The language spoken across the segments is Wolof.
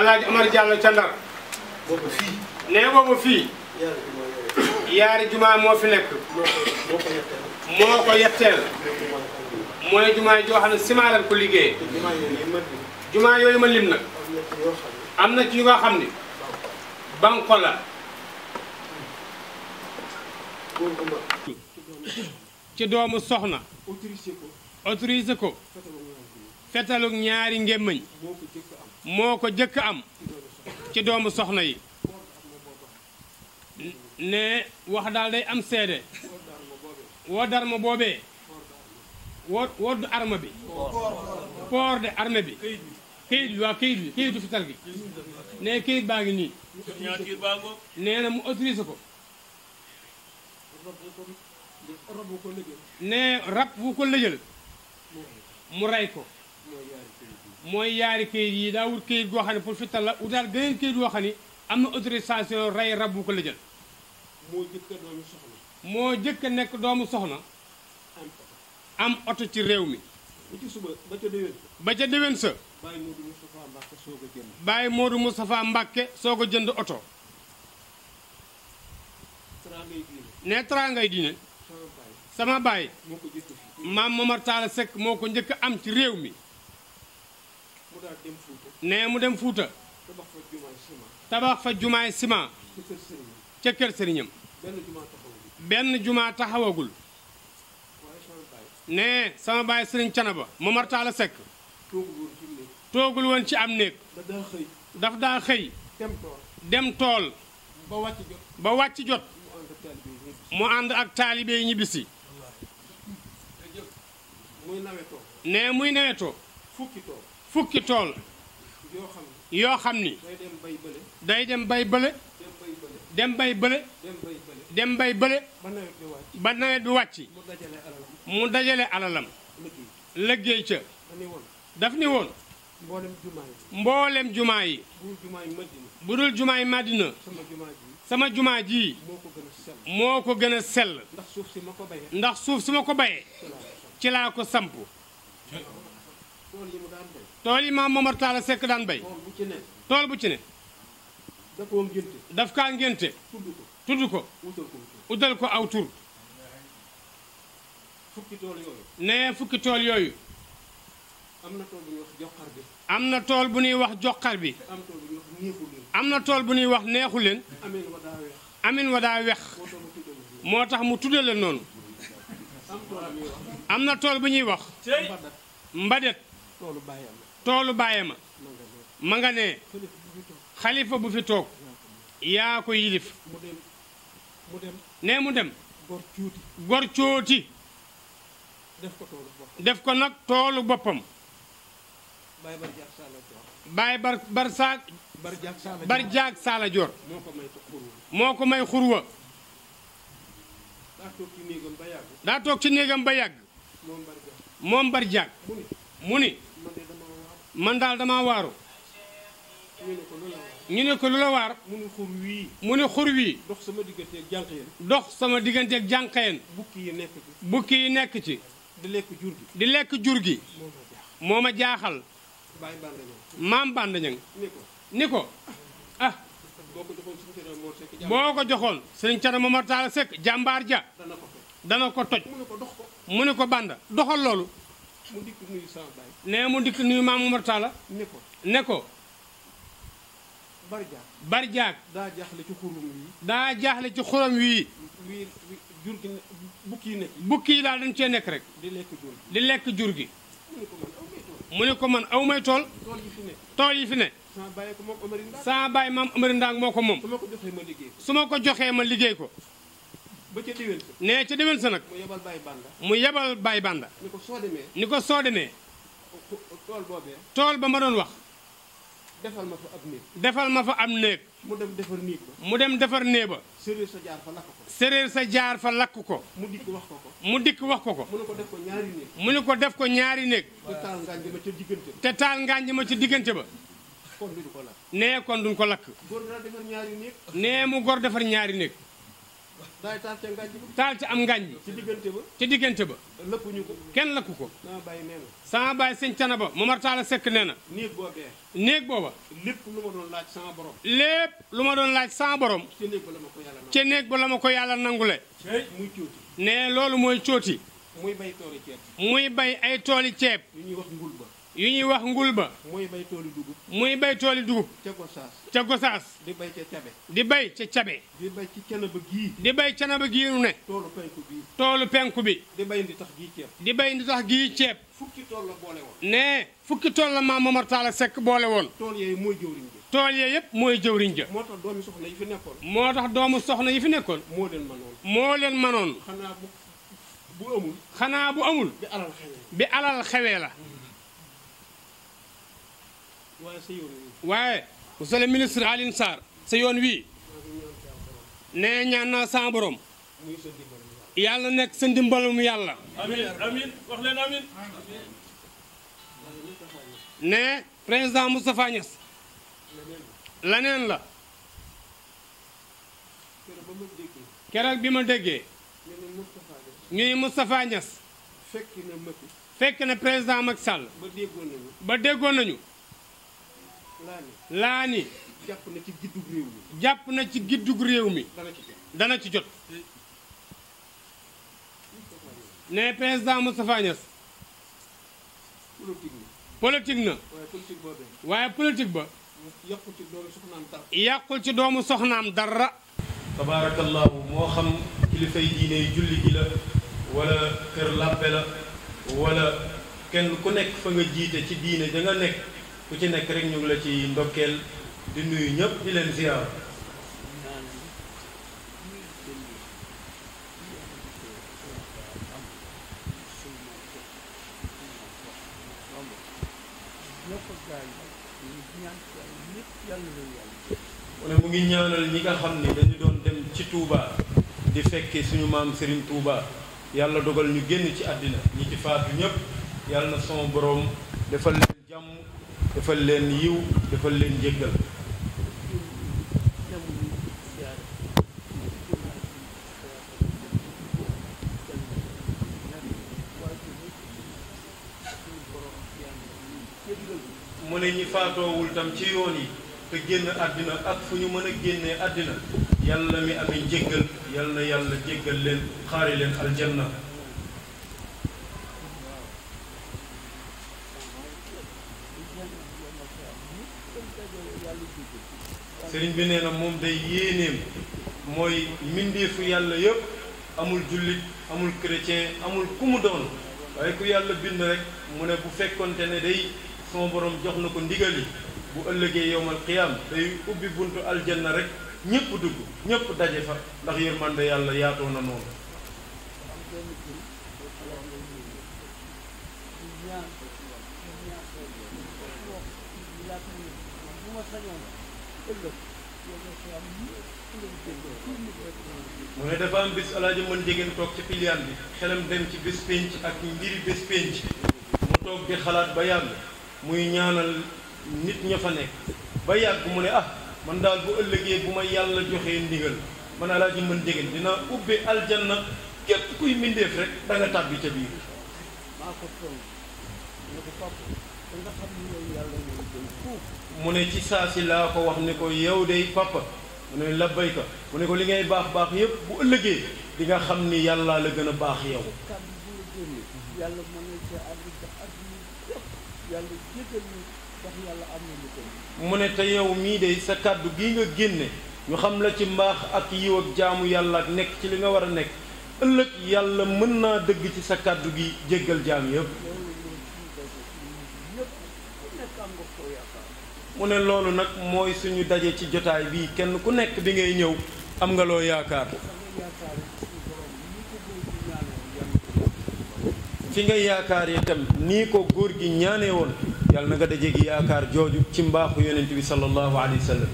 alaaji Amar ca Ndar boobu fii nee fii yaari jumaa moo fi nekk moo ko yetteel mooy jumaa joo xam ne ciment lañ ko liggéeyee jumaa yooyu ma lim nag am na ci yu xam ni banko ci doomu soxna autorisé ko fetalu ñaari ngémmañ moo ko jëkk am ci doomu soxna yi ne wax daal day am seede woo darma boobee woo woddu arme bi port de arme bi këyit bi waa këyit bi këyitu fital gi ne këyit baa ngi nii nee mu autorisé ko ne rab wu ko lëjal mu rey ko mooy yaari këyit yi daa këyit goo xam ne pour fital la utaal gëneen këyit goo xam am na autorisation rey rab bu ko la moo jëkk doomu nekk doomu soxna am oto ci réew mi ba ca suba sa bàyyi Modou Moustapha Mbacke soo jënd soo ko jënd oto ne teraangay diine sama baay maam Momar Talla Seck moo ko njëkk am ci réew mi nee mu dem Fuuta. tabax fa jumaay ciment. ca kër sëriñam. benn jumaa taxawagul. nee sama baay sëriñ Canaba. Momar Talla Seck. toogul woon ci am néeg. daf daa xëy. dem tool. ba wàcc jot ba wàcc mu ànd ak taalibe ñibbisi. nee muy nawetoo. fukki tool yoo xam ni day dem bay bële dem bay bële dem bay bële ba nawet du wàcc mu dajale alalam liggéey ca daf ni woon mboolem jumaa yi bu dul jumaa yi Madina sama jumaa ji moo ko gën a sell ndax suuf si ma ko bayee ci laa ko samp tool yi maam Momar Talla Seck daan bay tool bu ci ne. tool bu ci ne. daf kaa ngénte. tudd ko tudd ko. aw tur. fukki nee fukki tool yooyu. am na tool bu ñuy wax joxar bi. am na tool bu ñuy wax joxar bi. am na tool bu ñuy wax neexu leen. amin wa daa wex. moo tax mu tuddee leen noonu. am na tool bu ñuy wax. mbadet. toolu bàyyam toolu bàyyi ma ma nga ne xalifa bu fi toog yaa ko yilif ne mu dem gor cooti def ko nag toolu boppam bàyyi bar bar saak bar jaag saala joor moo ko may xurwa daa toog ci néegam ba yàgg moom bar jaag mu ni man daal damaa waaru. ñu ne ko lu la waar. mu ne xur dox sama digganteeg jànqeen. sama digganteeg jànqeen. bukki yi nekk ci. bukki di lekk jur gi. moo ma jaaxal. maam bànd ñang ni ko ah. boo ko joxoon sëriñ Thierno Momar Talla Seck jàmbaar ja dana ko toj mu ne ko bànd doxal loolu mu dikk nuyu sama baay. nee mu dikk nuyu maam Umar Talla. ne ko ne ko. barjaak barjaak. daa jaaxle ci xurum wii. daa jaaxle ci xurum wii. wii jur gi bukki yi nekk. bukki yi daal dañ cee nekk rek. di lekk jur gi di lekk jur gi. mu ne ko man aw may tool. tool yi fi ne. tool yi fi ne. saa bàyyi ko saa bàyyi maam Amary Ndak moo ko moom. su ma ma liggéey su ma ko joxee ma liggéey ko. ba ca déwén sa. nee ca déwén sa nag. mu yebal Baye Banda. mu yebal Baye Banda. ni ko soo demee. ni ko soo demee. tool boobee. tool ba ma doon wax. defal ma fa ab néeg. defal ma fa am néeg. mu dem defar néeg ba. mu dem defar néeg ba. séeréer sa jaar fa lakk ko. sa jaar fa lakk ko. mu dikk wax ko ko. mu dikk wax ko ko. mu ne ko def ko ñaari néeg. mu ne ko def ko ñaari néeg. te taal ngaañ ma ca diggante ba. te taal ngaañ ma ca diggante ba. kon duñ ko lakk. nee kon duñ ko lakk. góor dana defar ñaari nee mu gor defar ñaari néeg. daay taal ca ngànj ba taal ca am ngànj ci diggante ba ci diggante ba lëkkuñu ko kenn lëkku ko sama bàyyi nee na sama bàyyi sëñ cana ba Momar Talla Seck nee na néeg boobee néeg booba lépp lu ma doon laaj sama borom lépp lu ma doon laaj sama borom ca néeg ba la ma ko yàlla ca néeg ba ma ko yàlla nangule muy cóoti loolu mooy cóoti muy bay tooli ceeb bay ay tooli ceeb yu ñuy wax ngul ba yu ñuy wax ngulba. muy bay tooli dugub. muy bay tooli dugub. ca Gosaas. ca Gosaas. di bay ca cabe. di bay ca cabe. di bay ci canaba gii. di bay canaba gii toolu penku bi. di bay ndi tax gii ceeb. di bay ndi tax gii ceeb. fukki tool la boole woon. fukki tool la maam Momar Talla Seck boole woon. tool yooyu mooy jëwriñ ja. yëpp mooy jëwriñ ja. moo tax doomu soxna yi fi nekkoon. moo tax doomu soxna yi fi nekkoon. moo leen mënoon. moo leen mënoon. xanaa bu bu xanaa bu amul. bi alal xewee la. waaye monsieur le ministre Alioune Sarr sa yoon wii nee ñaan naa sama borom yàlla nekk sa ndimbalum yàlla ne président Moustapha Niass laneen la keroog bi ma déggee ñuy Moustapha Niass fekk na président Macky Sall ba déggoon nañu laani jàpp na ci giddug réew na ci giddug réew mi dana ci jot ne président Moustapha Niass politique na waaye politique ba yàqul ci doomu soxnaam dara tabaarakallaahu moo xam kilifay diine julli gi la wala kër làppe la wala kenn ku nekk fa nga jiite ci diine danga nga nekk ku ci nekk rek ñu la ci ndokkeel di nuyu ñëpp di leen ziar wala mu ngi ñaanal ñi nga xam ni dañu doon dem ci Touba di fekkee suñu maam Serigne Touba yàlla dogal ñu génn ci àddina ñi ci faatu ñëpp yàlla na sama boroom defal leen defal leen yiw defal leen jéggal mu ne ñi faatoowul tam ci yoon yi te génn àddina ak fu ñu mën a génnee àddina yàlla mi amee jéggal yàlla yàlla jéggal leen xaari leen aljanna sëriñ bi nee na moom day yéeneem mooy mbindeefu yàlla yëpp amul jullit amul chrétien amul ku mu doon waaye ku yàlla bind rek mu ne bu fekkonte ne day sama borom jox na ko ndigal yi bu ëllëgee yowmal qiyaam day ubbi buntu aljanna rek ñëpp dugg ñëpp daje fa ndax yërmande yàlla yaatoo na mu ne dafa am bis alaaji mën jegeen toog ci piliyaan bi xelam dem ci bés pénc ak mbiri bés pénc mu toog di xalaat ba yàgg muy ñaanal nit ña fa nekk ba yàgg mu ne ah man daal bu ëllëgee bu ma yàlla joxee ndigal man alaaji mën jegeen dinaa ubbe aljanna képp kuy mbindeef rek da tàbbi ca biir mu ne ci saa si laa ko wax ne ko yow day papa mu ne labbayka mu ne ko li ngay baax baax yépp bu ëllëgee di nga xam ni yàlla la gën a baax yow mu ne te yow mii day sa kàddu gi nga génne ñu xam la ci mbaax ak yiw ak jaamu yàlla ak nekk ci li nga war a nekk ëllëg yàlla mën naa dëgg ci sa kàddu gi jéggal jaam yépp mu ne loolu nag mooy suñu daje ci jotaay bii kenn ku nekk bi ngay ñëw am nga loo yaakaar fi nga yaakaar itam nii ko góor gi ñaanee woon yàlla na nga daje gi yaakaar jooju ci mbaaxu yonent bi sallallahu alayhi wa sallam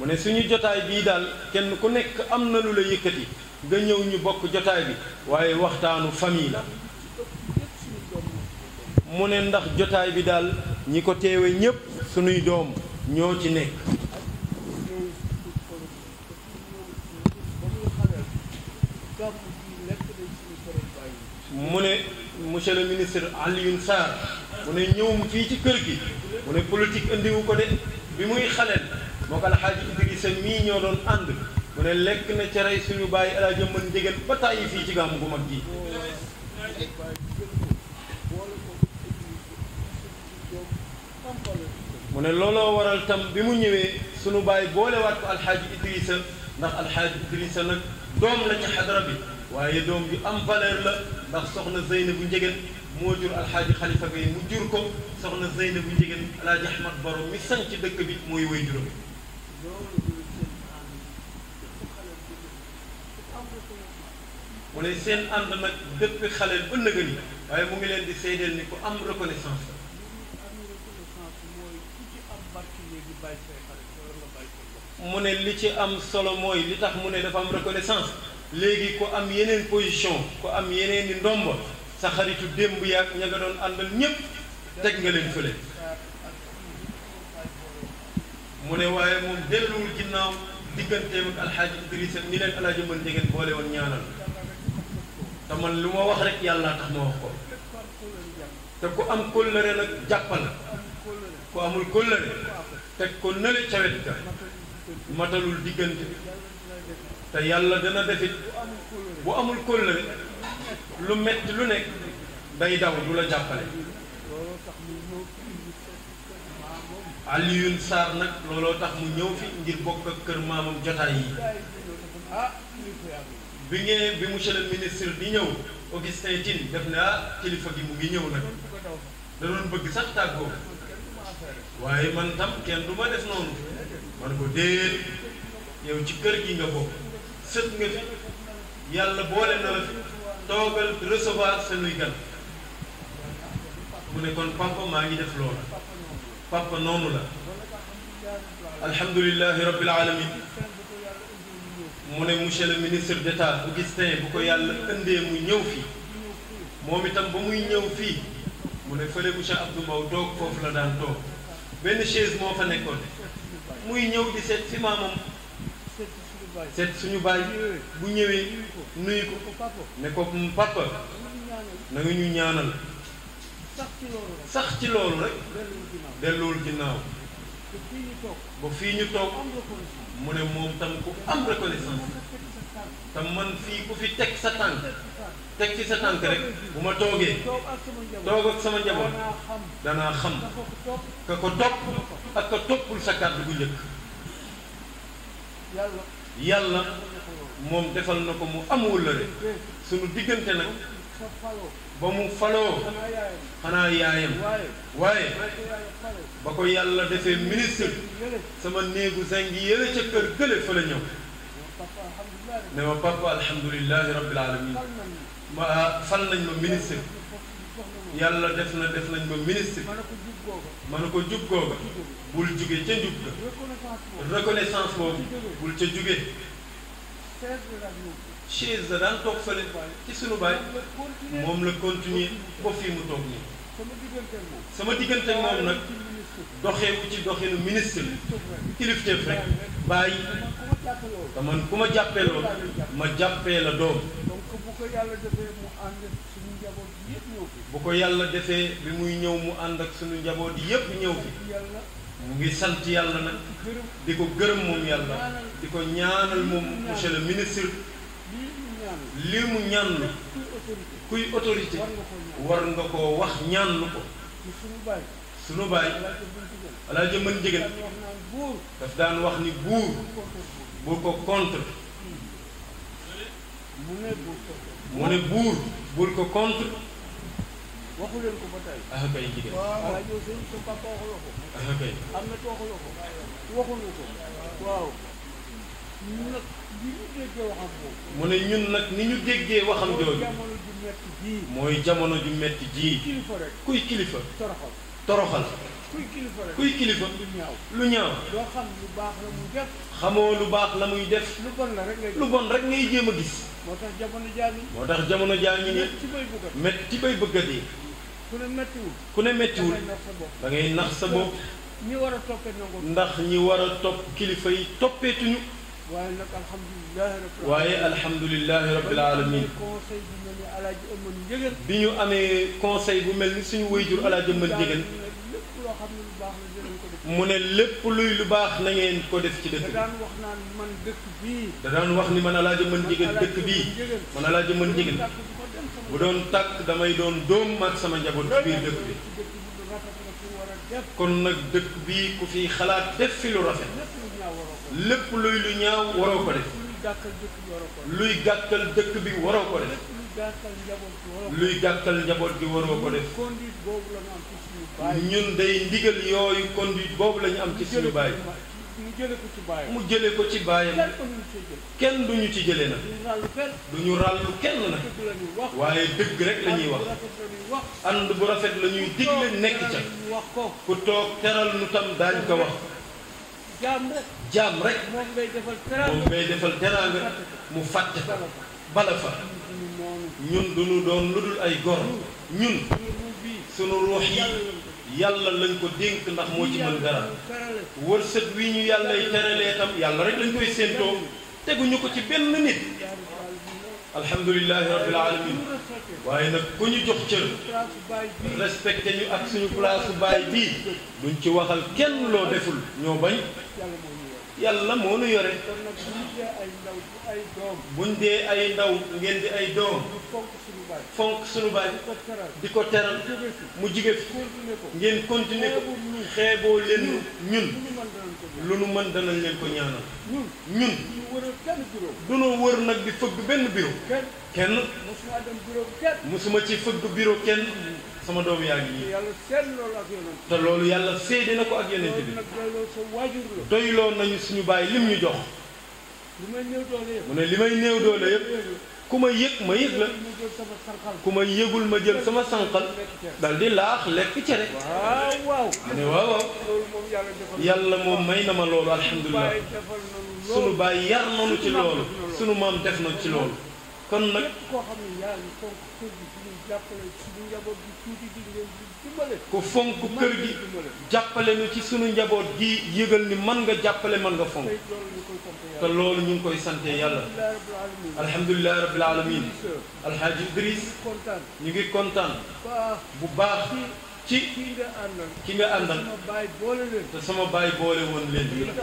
mu ne suñu jotaay bii daal kenn ku nekk am na lu la yëkkati nga ñëw ñu bokk jotaay bi waaye waxtaanu famille la mu ne ndax jotaay bi daal ñi ko teewe ñépp suñuy doom ñoo ci nekk mu ne monsieur le ministre Alioune Sarr mu ne ñëwum fii ci kër gi mu ne politique indiwu ko de bi muy xaleel moo ko alxaaji Idrissa mii ñoo doon ànd mu ne lekk na ca rey suñu bàyyi alaaja mën njëgeen ba tàyyi fii ci gàmm bu mag gi mu ne looloo waral tam bi mu ñëwee sunu baay boolewaat ko alxaaji Idrissa ndax alxaaji Idrissa nag doom la ci xadara bi waaye doom bi am valeur la ndax soxna Zeyna bu njegéen moo jur alxaaji xalifa Gaye mu jur ko soxna Zeyna bu njegéen alaaji Ahmad mi mi ci dëkk bi mooy way juróom mu seen ànd nag dëpp xaleel ba nëgëni waaye mu ngi leen di seedeel ni ku am reconnaissance mu ne li ci am solo mooy li tax mu ne dafa am reconnaissance léegi ku am yeneen position ku am yeneen i ndomb sa xaritu démb yaag ña nga doon àndal ñépp teg nga leen fële mu ne waaye moom delluwul ginnaaw digganteem ak alxaaji Idrissa mi leen alaaji mën jegeen boole woon ñaanal te man lu ma wax rek yàlla tax ma wax ko te ku am kóllëre nag jàppal ku amul kóllëre teg ko nële ca wet matalul diggante te yàlla dana defit bu amul kóllëre lu metti lu nekk day daw du la jàppale Alioune Sarr nag looloo tax mu ñëw fi ngir bokk ak kër maamam jotaay yi bi ngeen bi monsieur le ministre di ñëw Augustin Tine def na ah, kilifa gi mu ngi ñëw nag da bëgg sax tàggoo waaye man tam kenn du ma def noonu man ko déet yow ci kër gi nga bokk sët nga fi yàlla boole na la fi toogal recevoir senuy gan mu ne kon papa maa ngi def loola papa noonu la alhamdulilahi rabbil alamin mu ne monsieur le ministre d' état Augustin bu ko yàlla ëndee muy ñëw fii moom itam ba muy ñëw fii mu ne fële monsieur Abdou Mbow doog foofu la daan toog benn chaise moo fa nekkoon muy ñëw di seet si maamam seet suñu baay bu ñëwee nuyu ko ne ko hmm, papa na nga ñu ñaanal sax ci loolu rek delluwul ginnaaw ba fii ñu toog mu ne moom tam ku am reconnaissance te man fii ku fi teg sa tànk teg ci sa tànk rek bu ma toogee toog ak sama njaboot danaa xam ka ko topp ak ka toppul sa kàddu gu njëkk yàlla moom defal na ko mu amul la rek suñu diggante nag ba mu faloo xanaa yaayam waaye ba ko yàlla defee ministre sama néegu zinc yële ca kër gële fa la ñëw ne ma papa alhamdulilahi rabbil alamin ma fal nañ ma ministre yàlla def na def nañ ma ministre ma ne ko jub googa bul jóge ca njub ga reconnaissance boobu bul ca jóge chaise la daan toog fële ci baay moom la continuer ba fii mu toog nii sama diggante ak moom nag doxeeku ci doxinu ministre kilifteef rek bàyyi te ku ma jàppee loolu ma jàppee la doom bu ko yàlla defee bi muy ñëw mu ànd ak suñu njaboot yépp ñëw fi mu ngi sant yàlla nag di ko gërëm moom yàlla di ko ñaanal moom monsieur le ministre lii mu ñaanlu kuy autorité war nga ko wax ñaan ñaanlu ko sunu baay walla jëmban jigéen daf daan wax ni buur bu ko contre mu ne buur bul ko contre leen ko ba tey. ah kay jigéen. Ah, mu ne ñun nag ni ñu déggee waxam jooju mooy jamono ju metti ji kuy kilifa toroxal kuy kilifa lu ñaaw doo xam lu baax la muy def xamoo lu baax la muy def lu bon la rek ngay bon rek ngay jéem a gis moo tax jamono jaa ngi moo tax jamono jaa ngi ne metti bay bëgg a dee ku ne mettiwul ku ne mettiwul dangay ngay nax sa bopp ñi war a ndax ñi wara a topp kilifa yi toppeetuñu waaye nag alhamdulilah. waaye alhamdulilah rabbil alamin. bi ñu amee conseil bu mel ni suñu wayjur alaaji ëmmal njëgën. mu ne lépp luy lu baax na ngeen ko def ci dëkk bi. da wax naan man dëkk wax ni man alaaji ëmmal njëgën dëkk bii. man alaaji ëmmal njëgën. bu doon tàkk damay doon doom maag sama njaboot ci biir dëkk bi. kon nag dëkk bi ku fi xalaat def fi lu rafet. lépp luy lu ñaaw waroo ko def luy gàkkal dëkk bi waroo ko def luy gàkkal njaboot gi waroo ko def ñun day ndigal yooyu conduite boobu la am ci suñu baay mu jële ko ci baayam mu jële ko ci baayam kenn duñu ci jële na du ñu ràllu kenn na waaye dëgg rek la ñuy wax ànd bu rafet lañuy ñuy digle nekk ca ku toog teral nu tam daañ ko wax jaam rek jaam rek moom ngay defal teraanga moom ngay defal teraanga mu fàtte fa bala fa ñun du ñu doon lu dul ay gor ñun sunu ruux yi yàlla lañ ko dénk ndax moo ci mën dara wërsëg wi ñu yàllay teralee tam yàlla rek lañ koy séentoo teguñu ko ci benn nit alhamdulilahi rabbil alamin waaye nag ku ñu jox cër respecté ñu ak suñu place su baay bii duñ ci waxal kenn loo deful ñoo bañ yàlla moo nu yore. kon nag dee ay ndaw ay doom. buñ dee ay ndaw ngeen di ay doom. fonk sunu baay. fonk di ko teral mu jige fi. ngeen continuer ko. xeeboo leen ñun. lu nu man danañ leen ko ñaanal. ñun. du nu wër nag di fëgg benn bureau. kenn. musuma ci fëgg bureau kenn. sama doom yaa ngi nii te loolu yàlla séede na ko ak yonent bi doyloo nañu suñu baay lim ñu jox mu ne li may néew doole yépp ku ma yëg ma yëg la ku ma yëgul ma jël sama sànqal dal di laax lekk cere mu ne waaw waaw yàlla moom may na ma loolu alhamdulilah sunu bàyyi yar nanu ci loolu sunu maam def na ci loolu kon nag koo xam ne yaa ngi fonk kër njaboot tuuti di ku fonk kër gi jàppale nu ci sunu njaboot gi yëgal ni man nga jàppale man nga fonk te loolu ñu ngi koy sante yàlla alhamdulilahi rabbil alamin alhaaji Idris ñu ngi kontaan bu baax ci ki nga àndal te sama baay boole woon leen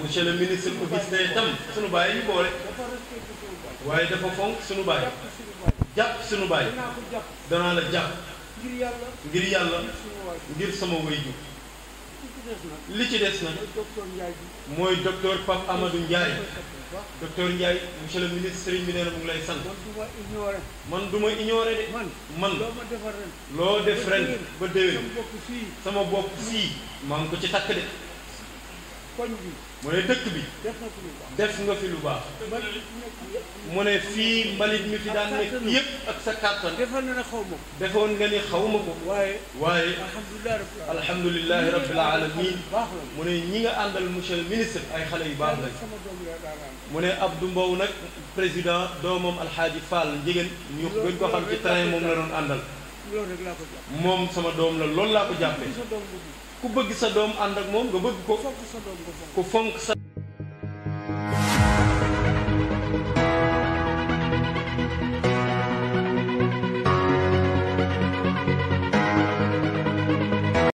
monsieur le ministre ku gis tam sunu baay ñu boole waaye dafa fonk sunu baay jàpp sunu baay danaa la jàpp ngir yàlla ngir sama wéyju li ci des nag mooy docteur Pape Amadou Ndiaye docteur Ndiaye monsieur le ministre sëriñ bi nee mu ngi lay sant man du ma ignoré de man loo def ren ba déwén sama bopp sii maa ngi ko ci takk de mu ne dëkk bi def nga fi lu baax mu ne fii mbalit mi fi daan nekk yépp ak sa kàttan defoon nga ne xaw ma ko defoon nga ni xaw ma ko waaye waaye alhamdulilahi rabbil alamin mu ne ñi nga àndal monsieur le ministre ay xale yu baax lañ mu ne Abdou Mbow nag président doomam alxaaji Fall njigéen ñu gën ko xam ci train moom la doon àndal moom sama doom la loolu laa ko jàppee ku bëgg sa doom ànd ak moom nga bëgg ko ku fonk sa